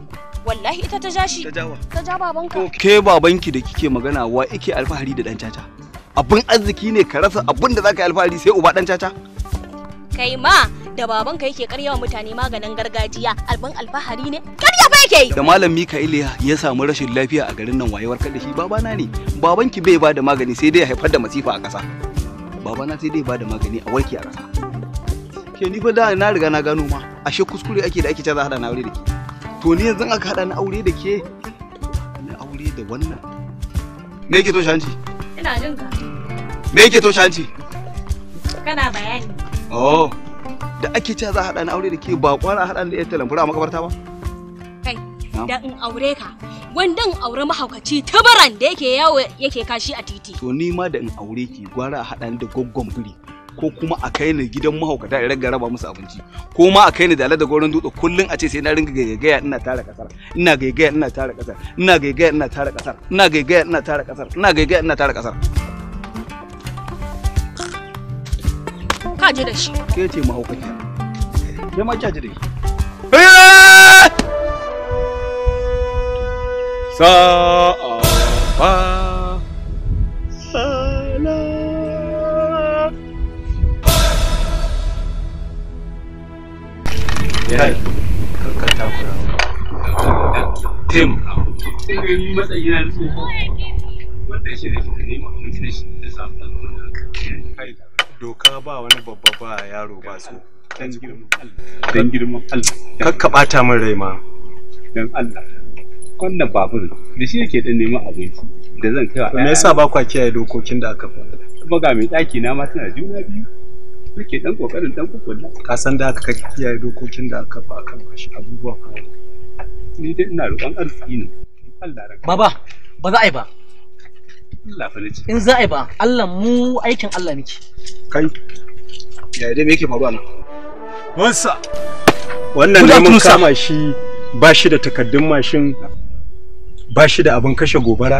wallahi ita ta tashi ta jawa ta ja babanka ke babanki da kike magana wa yake alfahari da dan caca abin arziki ne ka rasa abin da zaka yi alfahari sai uba dan caca kai ma da babanka yake karyawa mutane maganin gargajiya alban alfahari ne karya fa yake da malam Mika'il ya samu rashin lafiya a garin nan wayewar kada shi babana ne baban ki bai ba da magani sai dai ya haifar da masifa a ƙasa babana sai dai ba da magani a warke a ƙasa ke ni fa da na riga na gano ma ashe kuskure ake da ake ta za hada na aure da ke to ni yanzu aka hada na aure da ke na aure da wannan me yake to shanci ina Me yake toshe hanci? Kana bayani. Oh. Da ake cewa za a haɗa ni aure da ke ba kwara haɗa da ita lamfura a makabarta ba? Kai, da in aure ka. Wandan aure mahaukaci tabaran da yake yawo yake kashi a titi. To ni ma da in aure ki gwara a haɗa da goggon biri. ko kuma a kai ni gidan mahaukata in ranga raba musu abinci ko ma a kai ni da da goron dutse kullun a ce sai na ringa gaigaya ina tara kasar ina gaigaya ina tara kasar ina gaigaya ina tara kasar ina gaigaya ina tara kasar ina gaigaya ina tara kasar ka ji da shi ke ce mahaukata ke ma kya ji da shi eh! sa'a kai karkar takura tim sai ga na da abinci da da doka ba wani babba ba yaro ba su dan girman Allah kakka bata min rai ma dan Allah wannan babur da shi yake dan neman abinci da zan kai wa me yasa ba kwa kiyaye dokokin da aka faɗa kuma mai daki na ma tana juna biyu Nake dan kokarin dan kukulla. Ka san da aka kake kiyaye dokokin da aka fa akan bashi abubuwa ko. Ni dai ina roƙon arziki ne. Allah raka. Baba, ba za a yi ba. Allah fa In za a yi ba, Allah mu aikin Allah muke. Kai. Ya dai me yake faruwa nan? Wansa. Wannan ne mun kama shi ba shi da takaddun mashin ba shi da abin kashe gobara.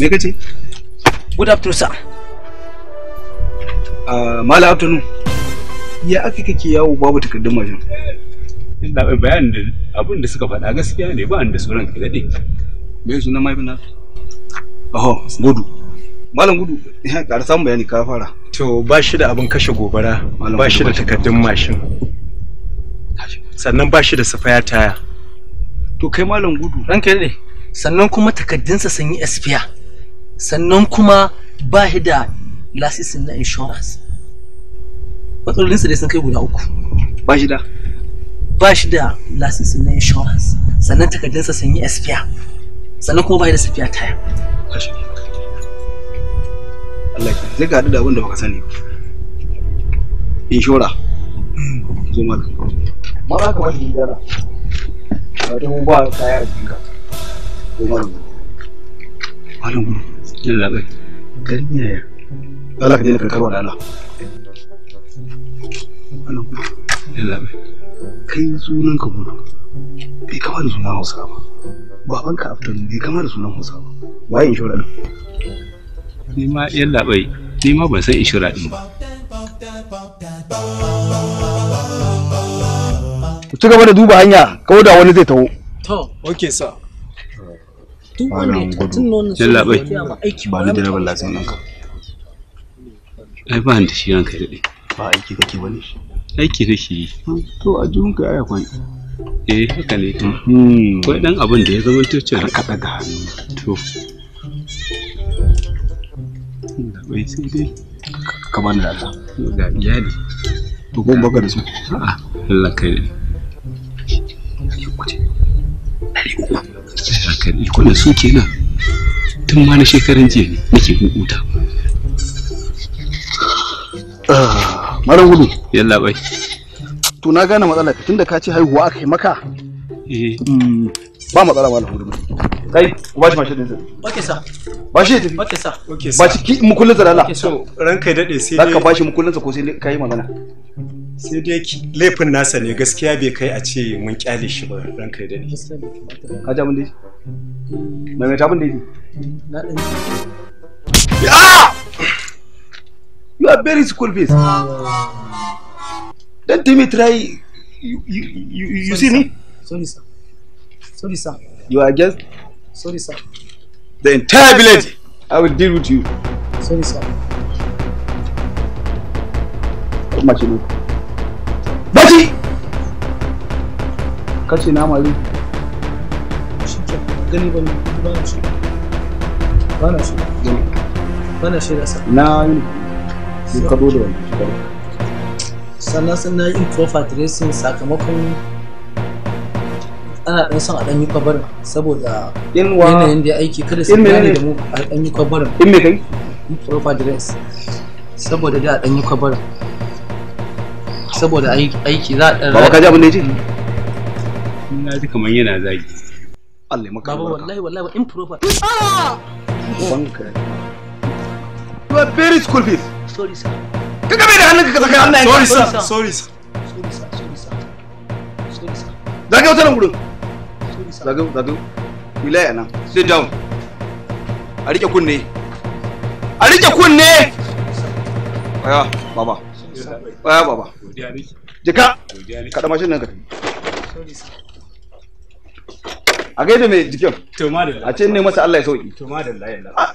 Me kace? Good afternoon sir. mala afternoon ya aka kake yawo babu takardun mashin ina bai bayan da abin da suka faɗa gaskiya ne ba da sauran ka dade me sunan mahaifin nasu oh gudu malam gudu ya ƙara samun bayani ka fara to ba shi da abin kashe gobara ba shi da takardun mashin sannan ba shi da safaya taya to kai malam gudu ranka daɗe sannan kuma takardunsa sun yi espiya sannan kuma ba shi da lasisin na insurance matsalolinsa dai sun kai guda uku ba shi da ba shi da lasisin na insurance sannan takardunsa sun yi expire sannan kuma ba da safiya taya Allah zai da baka sani inshora hmm. zo mana ma za ka ba ba kaya a jikinka zo mana malam gudu Allah ka daina karkar wa kai sunan ka gudu bai kama da sunan Hausa ba baban ka Abdul bai kama da sunan Hausa ba waye inshora din ni ma yalla bai ni ma ban san inshora din ba ku ci gaba da duba hanya kawai da wani zai taho to okay sir duk wanda ya tunno wannan sai ba ni da rabin lasin ɗinka ai ba da shi ranka dade ba aiki kake wani aiki nake yi ah, to a ka ya kwan eh haka ne hmm. kai dan abin da ya zama to cewa ka daga hannu to da bai sai dai ka bani da Allah ga iyali to ko baka da su a'a Allah kai ne kai ko da su kenan tun ma na shekarun jiya ne nake hukuta Ah, Maran gudu. Yalla bai. To na gane matsalar ka tunda ka ce haihuwa aka yi maka. Eh. Mm, ba matsala ba malam hudu. Kai, ku bashi mashin dinsa. Oke sa. Bashi ya tafi. Oke sa. Oke sa. Bashi ki mukullin sa lalla. So ranka ya dade sai dai. Zaka bashi mukullin sa ko sai kai magana. Sai dai laifin nasa ne gaskiya bai kai a ce mun kyale shi ba ranka ya dade. Ka ja mun dai. Mai mai tabin dai. Na dan. Ah! You are very school fees. Don't tell me try. You, you, you, you Sorry, see sir. me? Sorry, sir. Sorry, sir. You are just. Sorry, sir. The entire village. I will deal with you. Sorry, sir. What much you ba ni ba Ba na shi. Ba sai ka wani sannan yin proper dressing sakamakon ana ɗan son a ɗan yi kwabarin saboda yanayin da aiki kada su gane da mu a ɗan yi kwabarin in me kai dress saboda da a dan yi kwabarin saboda aiki za a dan ba ka abin da yake na ji kamar yana zagi Allah ya maka baba wallahi wallahi in proper ah banka your very school fees sorry sir ka gabe da ka saka Allah sorry sir sorry sir sorry sir sorry sir sorry sir zage wata nan gurin sit down a rike kunne a kunne aya baba aya baba jika ka sorry sir a gaida mai jikin a ce ne masa Allah ya sauki to madalla ah,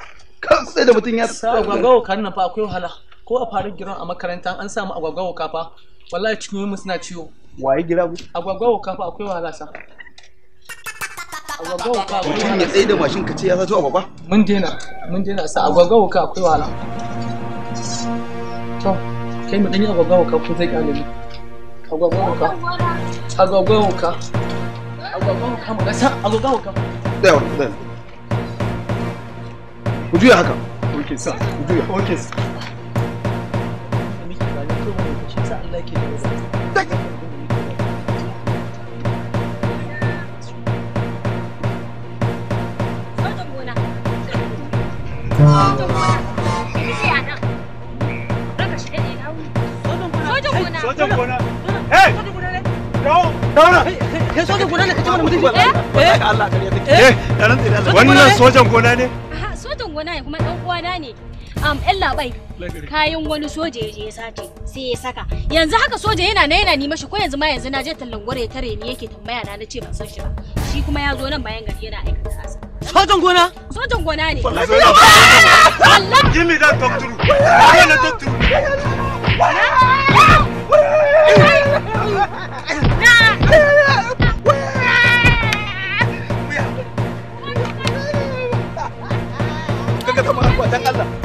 sai da mutum ya sa kan ko a faru giron a makaranta an samu agwagwa kafa wallahi cikin mu suna ciwo waye gira mu agwagwa kafa akwai wahala sa agwagwawo kafa mutum ya tsaye da mashin ka ce ya zato agwagwa mun dena, mun dena sa agwagwa kafa akwai wahala to kai mu danyi agwagwa kafa ko zai kalle mu agwagwa kafa agwagwa kafa agwagwa kafa mu ga sa agwagwa kafa da yawa da ku juya haka juya. sir. ke sa. irin wannan wannan sojan gona ne? sojan gona ne eh, kuma ɗan uwana ne am yan labai kayan wani soja ya je ya sace sai ya saka yanzu haka soja yana na yana nima shi ko yanzu ma yanzu na je tallan gwara ya tare ni yake tambaya na na ce ban san shi ba shi kuma ya zo nan bayan gari yana aikata asa sojan gona sojan gona ne Allah give me that doctor give me that doctor talk through Kaga kamar haka dan Allah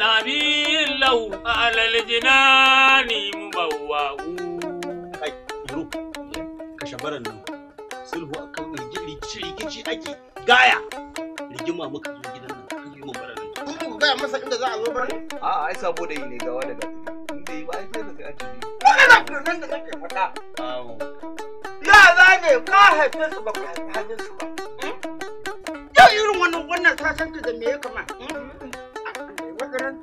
nabilau alal jinani mubawwahu kai duru ka shabaran nan sulhu akan rigici rigici ake gaya rigima muka zo gidan nan kan yi mabara nan kun gaya masa inda za a zo bari a ai sabo da yi ne gawa daga inda yi ba ai sai daga ajibi ana da kunan da kake faɗa ya za ne ka haife su ba ka haife su ba hmm? yau irin wannan wannan sasanci da me ya kamata hmm? na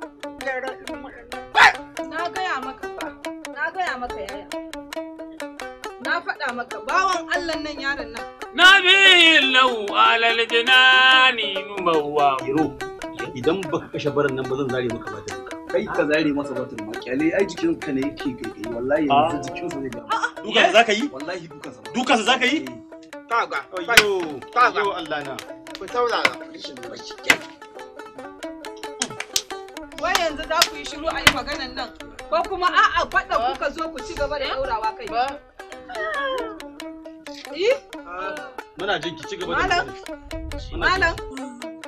gaya maka na gaya maka yaya na faɗa maka bawan allah nan yaron nan nabi lau alal jinani idan baka kashe barin nan ba zan zare maka batun kai ka zare masa batun ma ai jikin ka ne yake gaigai wallahi ah. yanzu jikin sa ne ga ah, ah, dukan zaka yi wallahi dukan sa dukan zaka yi kaga eh. kaga Allah na ku saurara wai yanzu za ku yi shiru a yi maganan nan ko kuma a'a faɗa kuka zo ku ci gaba da ɗaurawa kai. Muna jin Malam. Malam.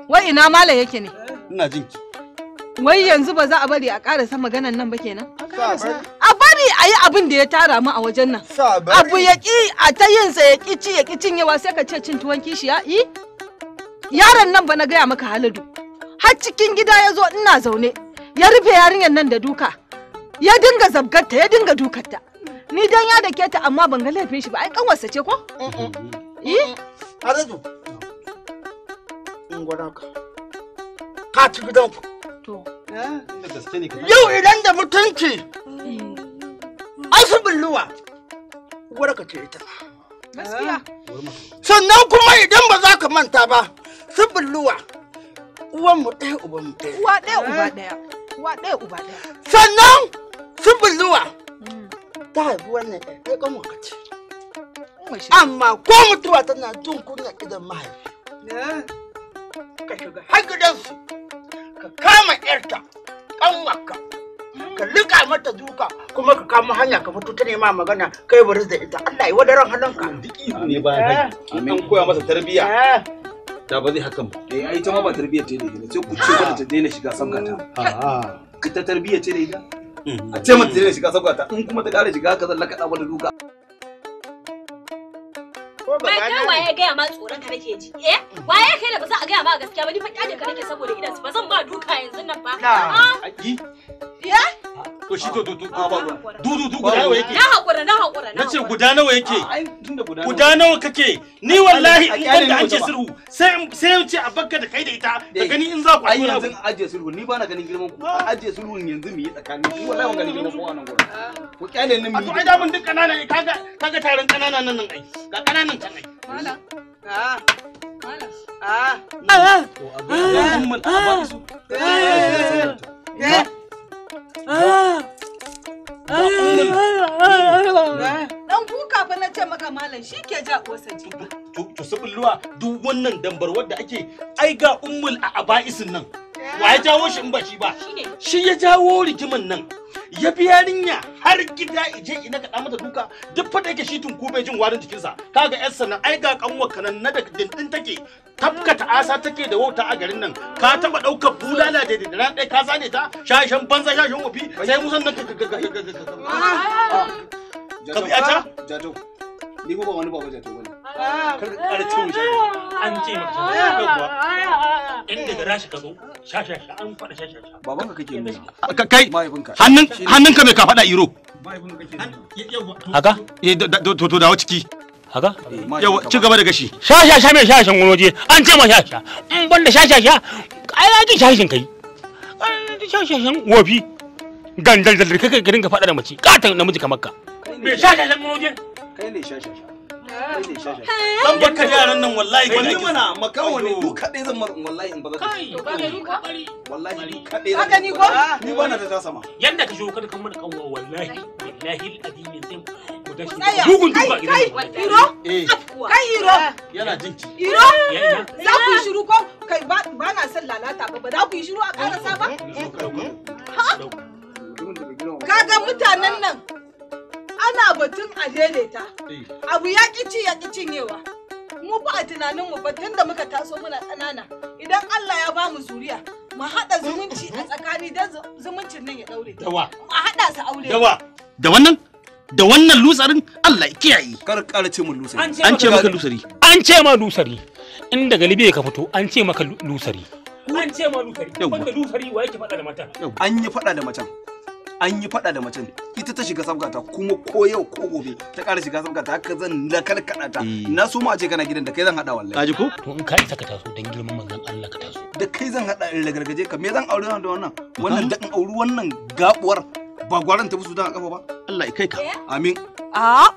Wai yake ne? Ina jin Wai yanzu ba za a bari a ƙarasa maganan nan ba kenan? A bari a yi abin da ya tara mu a wajen nan. Abu ya ƙi a ta yinsa ya ƙi ci ya ƙi cinyewa sai ka ce cin tuwon kishi ya yi? Yaron nan ba na gaya maka haladu. Har cikin gida ya zo ina zaune. ya rufe yarinyar nan da duka ya dinga zabgarta ya dinga dukarta ni dan ya da keta amma ban ga laifin shi ba ai kanwarsa ce ko eh Arezu in gwada ka ka ci gidan ku to eh? yau idan da mutunci mm. asubin luwa gwada ka ce ita gaskiya eh? sannan kuma idan ba za ka manta ba su luwa uwanmu ɗaya ubanmu ɗaya uwa ɗaya uba ɗaya Uwa ɗaya uba ɗaya. Sannan sumbulluwa ta haifi wannan ɗaya ƙanwa ka ce. Amma ko mutuwa tana jin kunya idan mahaifi. Ka shiga har gidansu ka kama ƴarta ƙanwarka ka liƙa mata duka kuma ka kama hanya ka fito ta nema magana kai baris da ita Allah ya wadaran hannunka. Duk ne ba ya An koya masa tarbiyya. da ba zai hakan ba eh ai ta ma ba tarbiyyar ne daidai sai ku ce mata ta daina shiga sabgata a'a ita tarbiyyar ta daidai a ce mata ta daina shiga sabgata in kuma ta kare shiga haka zan lakaɗa wani duka Bai kai waye gaya ma tsoron ka nake ji. Eh? Waye kai da ba za a gaya ma gaskiya ba ni fa kyale ka nake saboda idan ba zan ba duka yanzu nan ba. Na. Aki. Ah! Eh? to shi to dudu dudu guda nawa yake na hakura na hakura na ce guda nawa yake guda nawa kake ni wallahi in ban da ake sulhu sai sai ce a bakka da kai da ita ka gani in za ku ai yanzu aje sulhu ni bana ganin girman ku aje sulhu yanzu mu yi tsakani ni wallahi ban ganin girman ku a nan gurin ku kyale nan mu ai da mun duk kanana ne kaga kaga taron kanana nan nan ai ga kananan can ai malam ah ah ah ah ah ah ah 啊！啊啊啊！呀！Dan kuka fa na ce maka malam shi ke ja kosa jibi. To su bulluwa duk wannan dambar da ake ai ga ummul a aba'isin nan. Wa ya jawo shi in ba shi ba? Shi ya jawo rigiman nan. Ya bi yarinya har gida ije ina ka mata duka duk fa da yake shi tun kube jin warin jikinsa. Kaga yar sannan ai ga kanwar kanan na da dindin take tafka asa take da wauta a garin nan ka taba daukar bulala da dindina ɗaya ka zane ta shashen banza shashen wafi sai musan nan ka ka biya jato ni ba wani jato bane kar an ce kuwa rashi ka zo an faɗa baban ka kake nuna kai hannun hannun ka bai ka iro haka to to dawo ciki haka yawa ci gaba da gashi shashasha mai shashashan gonoje an ce ma shashasha in banda shashasha ai ya ji shashashin kai shashashan wofi gandal da kai ka dinga da mace katon namiji kamar ka Me shashashan mujin? Kai ne shashasha. Zan baka yaran nan wallahi ba ne. mana makawo ne duk kaɗai zan mar wallahi in ba za ka. Kai to kaga ni kokari. Wallahi ni kaɗai. Kaga ni ko? Ni ba na da sama. Yanda ka shigo kada kan mana kanwa wallahi. Wallahi alazim sai ku tashi. Bugun duba gidan. Kai hiro? Kai hiro. Eh. Yana jinki. Hiro? Za ku yi shiru ko? Kai ba na son lalata ba ba za ku yi shiru a ƙarasa ba? Kaga mutanen nan. ana batun a daidaita eh. abu ya ƙici ya ƙi newa mu ba a tunanin mu ba tun da muka taso muna ƙanana idan Allah ya ba mu zuriya mu haɗa zumunci a tsakani don zumuncin nan ya daure dawa mu haɗa su aure dawa da wannan da wannan lusarin Allah ya kiyaye ce mu lusari an ce maka lusari an ce ma lusari inda galibi ka fito an ce maka lusari an ce ma lusari wanda lusari wa yake faɗa da matan an yi faɗa da matan an yi faɗa da macen ita ta shiga sabgata kuma ko yau ko gobe ta ƙara shiga sabgata haka zan lakarkaɗa ta eh. na so ma ce kana gidan da kai zan haɗa wallahi kaji ko to in ka isa ka taso dan girman manzon Allah ka taso da kai zan haɗa in lagargaje ka me zan aure da wannan wannan da in auri wannan gabuwar ba gwaran ta busu dan a kafa ba Allah ya kai ka eh? amin a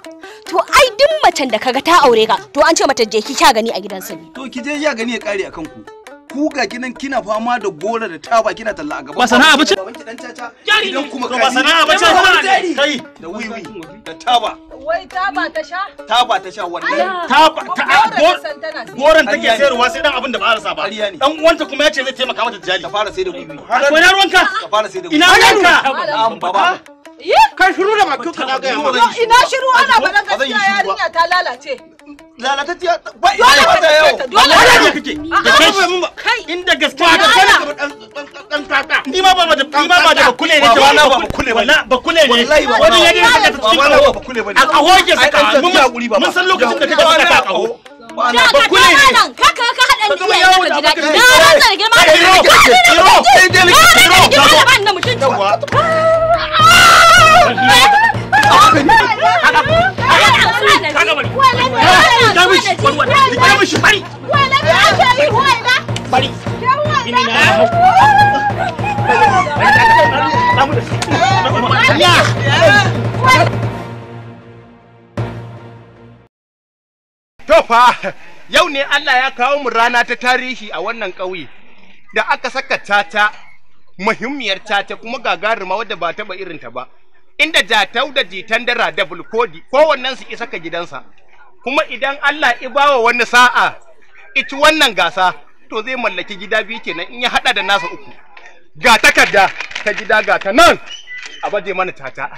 to ai duk macen da kaga ta aure ka to an ce mata je ki sha gani a gidan sani to ki je ya gani ya kare akan ku kuga kinan kina fama da gora da taba kina talla a gaba ba sana'a bace idan kuma ka sana'a bace kai da wiwi da taba wai taba ta sha taba ta sha wallahi taba ta goran take sayarwa sai dan abin da ba rasa ba dan uwanta kuma yace zai taimaka mata jali ka fara sai da wiwi akwai na ruwanka ka fara sai da wiwi ina ruwanka ka Kai shiru da bakin ka na ga yamma. Ina shiru ana ba gaskiya yarinya ta lalace. lalatacciya ba ina inda gaskiya da kai dan kaka ni ba ba kule ba kule ka ta cikin da ba kule kaka da girma fa yau ne Allah ya kawo mu rana ta tarihi a wannan ƙauye da aka saka tata muhimmiyar tata kuma gagaruma wadda ba taɓa irinta ba inda jatau da jitan dara da bulkodi kowannen su isa ka gidansa kuma idan Allah i bawa wani sa'a ita wannan gasa to zai mallaki gida biyu kenan in ya hada da nasa uku ga takarda ta gida ga ta nan a baje mana tata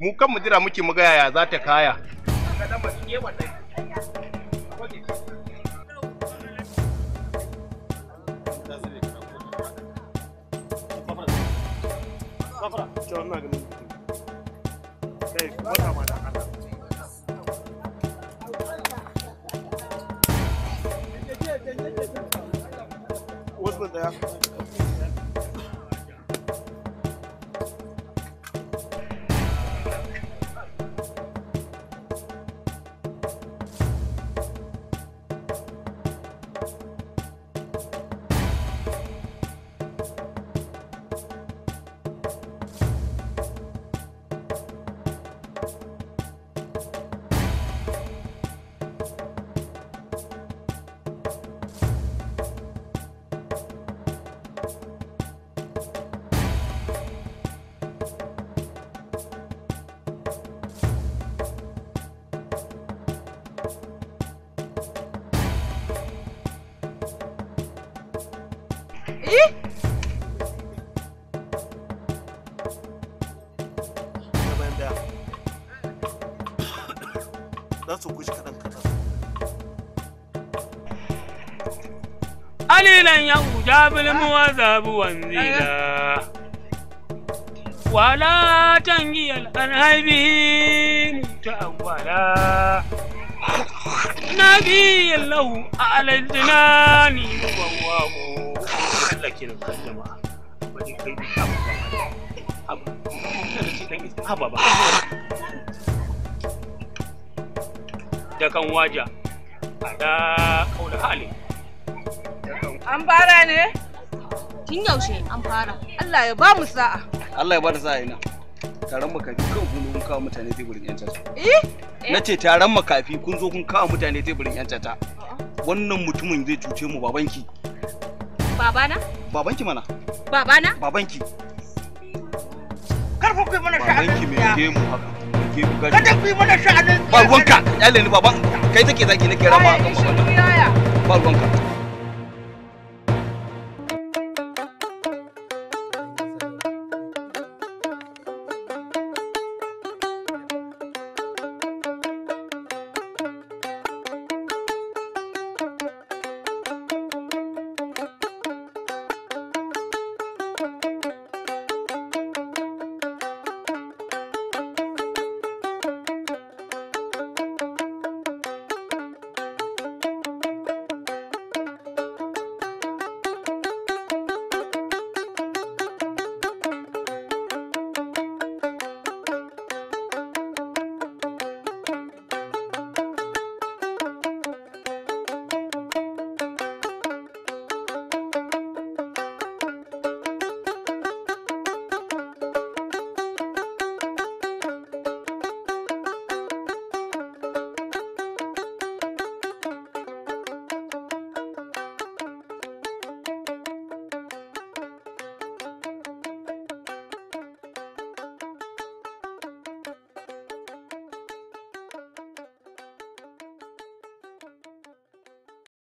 mu kan mu jira muke mu ga za ta kaya What's with that? tabulmu wa zabu wanzila wala tangi al'anhaibi mutawala nabi yallahu a alaizina ni ruban wabo Allah ke nufar da kan waja a da An fara ne? Tun yaushe an fara. Allah ya ba mu sa'a. Allah ya ba da sa'a ina. Taron makafi kan kun kun kawo mutane teburin yan Eh? Na ce taron makafi kun zo kun kawo mutane teburin yan tata. Uh-huh. Wannan mutumin zai cuce mu babanki. Babana? Babanki mana. Babana? Babanki. Karfa kuyi mana sha'anin. Babanki mai ke mu haka. Kada ku yi mana sha'anin. Ba ruwanka, Yalle ni baban. Kai take zaki nake rama akan babanka. Ba ruwanka.